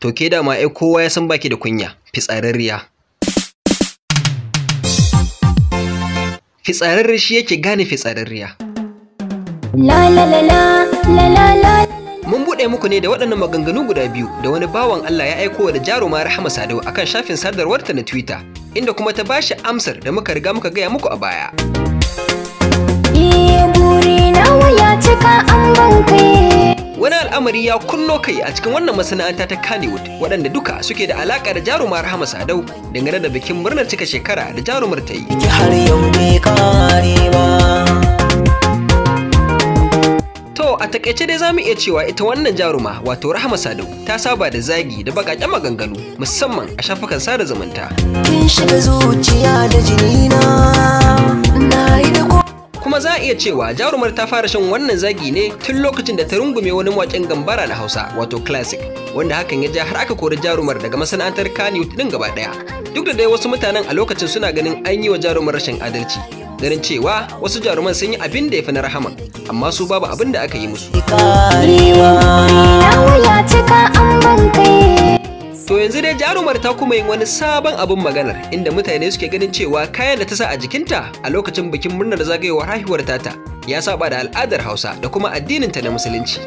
To ke da ma ai kowa ya san baki da kunya, fitsararriya. Fitsararri shi yake gane fitsararriya. Mun buɗe muku ne da waɗannan maganganu guda biyu da wani bawan Allah ya aiko da jaruma Rahama Sadau akan shafin sadarwarta na Twitter, inda kuma ta bashi amsar da muka riga muka gaya muku a baya. Iye eh, buri waya cika an ban wani al'amari ya kunno kai a cikin wannan masana'anta ta Kannywood waɗanda duka suke da alaƙa da jarumar Rahama Sadau dangane da bikin murnar cika shekara da jarumar ta yi. To a takaice dai zamu iya cewa ita wannan jaruma wato Rahama Sadau ta saba da zagi da bakaken maganganu musamman a shafukan sada zumunta. Kin shiga zuciya da na na yi da kuma za a iya cewa jarumar ta fara shan wannan zagi ne tun lokacin da ta rungume wani waƙen gambara na hausa wato classic wanda hakan ya ja har aka kori jarumar daga masana'antar kaniwood din gaba ɗaya duk da dai wasu mutanen a lokacin suna ganin an yi wa jarumar rashin adalci ganin cewa wasu jaruman sun yi abin da ya fi na rahama amma su babu abin da aka yi musu To yanzu dai jarumar ta kuma yin wani sabon abin maganar inda mutane suke ganin cewa kayan da ta sa a jikinta a lokacin bikin murnar zagayowar haihuwar tata ya saba da al'adar Hausa da kuma addininta na musulunci.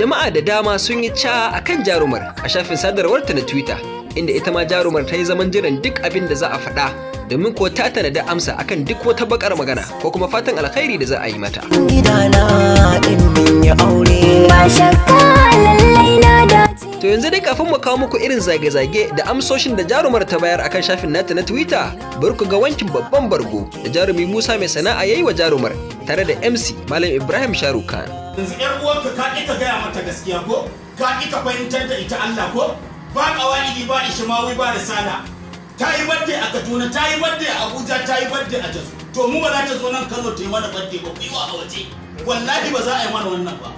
Jama'a da dama sun yi ca a kan jarumar a shafin sadarwarta na Twitter inda ita ma jarumar ta yi zaman jiran duk abin da za a faɗa domin ko ta tana da amsa akan duk wata bakar magana ko kuma fatan alkhairi da za a yi mata. To yanzu dai kafin mu kawo muku irin zage-zage da amsoshin da jarumar ta bayar akan shafin nata na Twitter, bari ku ga wankin babban bargo da jarumi Musa mai sana'a yayi wa jarumar tare da MC Malam Ibrahim Sharukan. Yanzu ƴar uwanka ka ƙi gaya mata gaskiya ko? Ka ƙi fahimtar da ita Allah ko? Ba ƙawa'idi ba ishimawi ba da sana. ta yi badde a kaduna ta yi a abuja ta yi a jos to mu ba za ta zo nan kano ta yi mana badde ba kuwa a waje wallahi ba za a yi mana wannan ba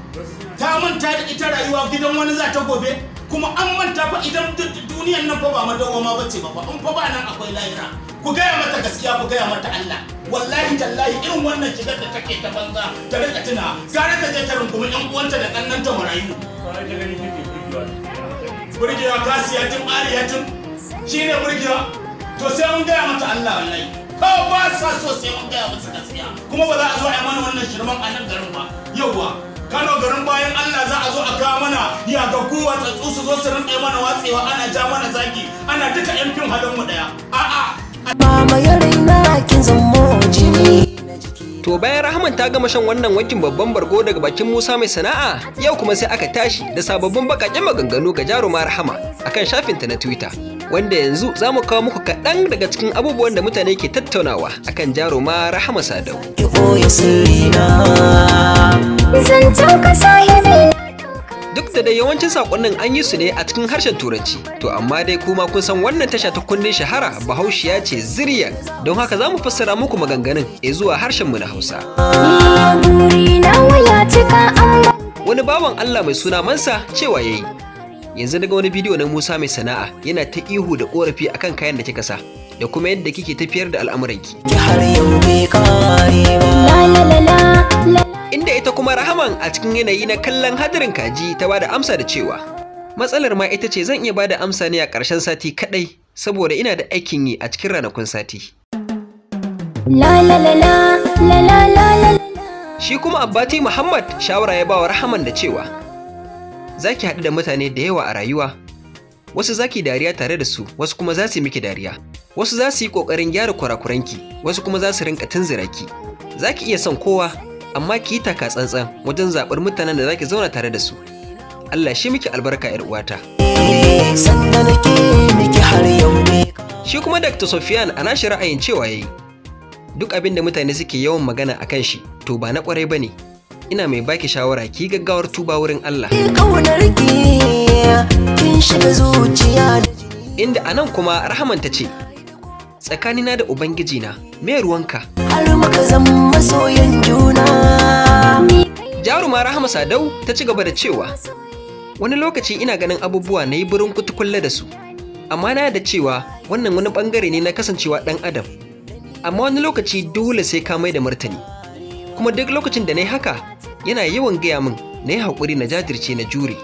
ta manta da ita rayuwa gidan wani za ta gobe kuma an manta fa idan duniyan nan fa ba madawwama ba ce ba fa in fa ba nan akwai lahira ku gaya mata gaskiya ku gaya mata Allah wallahi tallahi irin wannan shigar da take ta banza ta rika tuna gara ta je ta rungumi yan uwanta da ta marayu ya kasiya tun ya shine burgiya to sai mun gaya mata Allah wallahi ba ba sa so sai mun gaya musu gaskiya kuma ba za a zo a yi mana wannan shirman a nan garin ba yauwa kano garin bayan Allah za a zo a kawo mana ya ga kowa tsatsu su zo su rinka mana watsewa ana ja mana zaki ana duka yan fim halin mu daya a'a mama ya raina kin zamo jini to bayan rahman ta gama shan wannan wankin babban bargo daga bakin musa mai sana'a yau kuma sai aka tashi da sababbin bakaƙen maganganu ga jaruma rahama akan shafinta na twitter wanda yanzu za mu kawo muku kaɗan daga cikin abubuwan da mutane ke tattaunawa akan jaruma Rahama Sadau. Duk da dai yawancin saƙonnin an yi su ne a cikin harshen Turanci, to amma dai kuma kun san wannan tasha ta kundin shahara Bahaushiya ce zirya? don haka za mu fassara muku maganganun e zuwa harshen mu na Hausa. Wani bawan Allah mai suna Mansa cewa yayi yanzu daga wani bidiyo na Musa mai sana'a yana ta ihu da korafi akan kayan da kika sa da kuma yadda kike tafiyar da al'amuranki. Inda ita kuma Rahaman a cikin yanayi na kallon hadarin kaji ta bada amsa da cewa matsalar ma ita ce zan iya bada amsa ne a ƙarshen sati kaɗai saboda ina da aikin yi a cikin ranakun sati. Shi kuma Abbati Muhammad shawara ya bawa Rahaman da cewa za ki haɗu da mutane da yawa a rayuwa wasu za ki dariya tare da su wasu kuma za su yi miki dariya wasu za su yi ƙoƙarin gyara kurakuranki wasu kuma za su rinka tunzura ki za ki iya son kowa amma ki yi taka tsantsan wajen zaɓar mutanen da za ki zauna tare da su Allah shi miki albarka ‘yar uwata. Shi kuma Dr. Sofiyan a shi ra'ayin cewa yayi duk abin da mutane suke yawan magana a kan shi to ba na ƙwarai ba ne. ina mai baki shawara ki gaggawar tuba wurin Allah. Inda anan kuma rahaman ta ce, tsakanina da Ubangijina, me ruwanka? Har muka zama masoyan juna. Jaruma Rahama Sadau ta ci gaba da cewa, wani lokaci ina ganin abubuwa na yi burin kutukulla da su, amma na da cewa wannan wani bangare ne na kasancewa ɗan adam. Amma wani lokaci dole sai ka mai da martani, kuma duk lokacin da na yi haka yana yawan gaya min na yi haƙuri na jajirce na jure.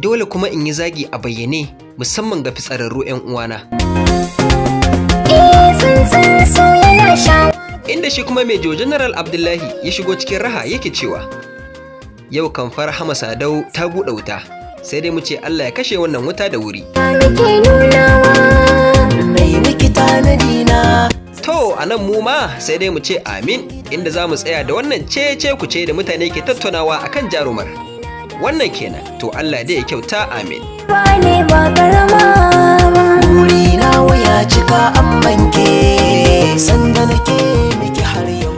Dole kuma in yi zagi a bayyane musamman ga fitsararru 'yan uwana. Inda shi kuma Mejo General Abdullahi ya shigo cikin raha yake cewa, Yau kamfar Hama Sadau ta buɗe wuta, sai dai mu ce Allah ya kashe wannan wuta da wuri. nan mu ma sai dai mu ce amin inda za mu tsaya da wannan cece ku ce da mutane ke tattaunawa kan jarumar. Wannan kenan to Allah dai ya kyauta amin. na cika sanda nake har yau.